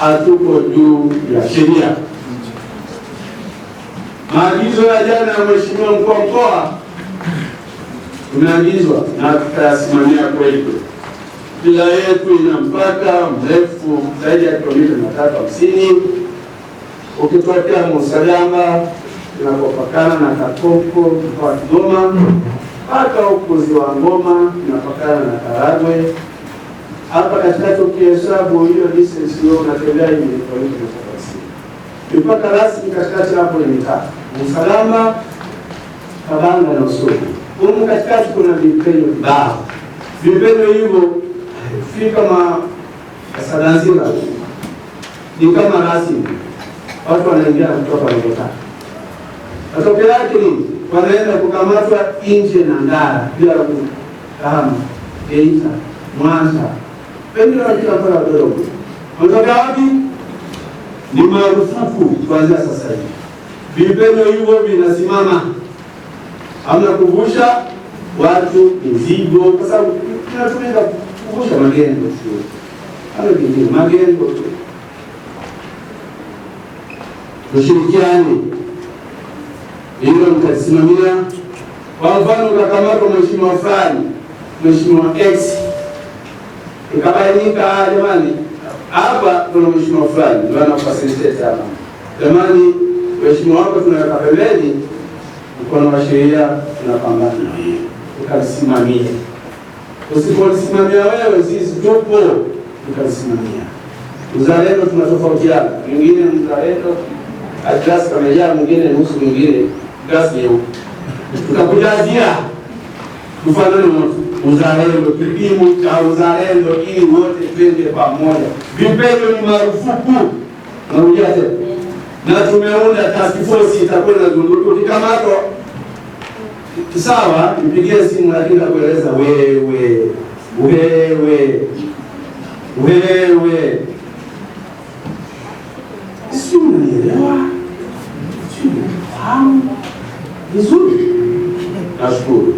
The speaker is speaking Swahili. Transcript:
hatuko juu ya sheria. Maagizo ya jana ya mheshimiwa mkuu wa mkoa tumeagizwa na tutayasimamia kwetu. Bila yetu ina mpaka mrefu zaidi ya kilomita mia tatu hamsini ukitokea Msalama inapopakana na kakoko mkoa wa Kigoma mpaka huku Ziwa Ngoma inapakana na Karagwe hapa katikati, ukihesabu hiyo distance hiyo unatembea hivi kilomita thelathini. Mipaka rasmi katikati hapo ni mitatu: Msalama, Kabanga na Usoni. huko katikati kuna vipenyo vibao, vipenyo hivyo fika ma Kasadanzira ni kama rasmi, watu wanaingia kutoka wanaotaka. Matokeo yake ni wanaenda kukamatwa nje na ndara bila kufahamu Geita, Mwanza pengine wakiaaa wadogo mtagawaji ni marufuku kuanzia sasa hivi. Vipendo hivyo vinasimama, hamna kuvusha watu mzigo, kwa sababu tunatumika kuvusha magendo, sio hata kingine, magendo tu. Tushirikiane hilo mtasimamia. Kwa mfano, utakamatwa mheshimiwa fulani, mheshimiwa x Ikabainika jamani, hapa kuna mheshimiwa fulani ndio anafasiliteta hapa. Jamani, mheshimiwa wako tunaweka pembeni, mkono wa sheria tunapambana na wewe, ukalisimamia. Usipolisimamia wewe, sisi tupo, ukalisimamia. Uzalendo tunatofautiana, mwingine mzalendo atlas kamejaa, mwingine nusu, mwingine gasi nyeupe, tukakujazia tufanane wote uzalendo, kipimo cha uzalendo, ili wote twende pamoja. Vipendo ni marufuku, narudia tena, na tumeunda task force itakuwa inazunguka, ukikamatwa sawa, mpigie simu, lakini nakueleza wewe, wewe, wewe, si unanielewa? Si unanifahamu vizuri? Nashukuru.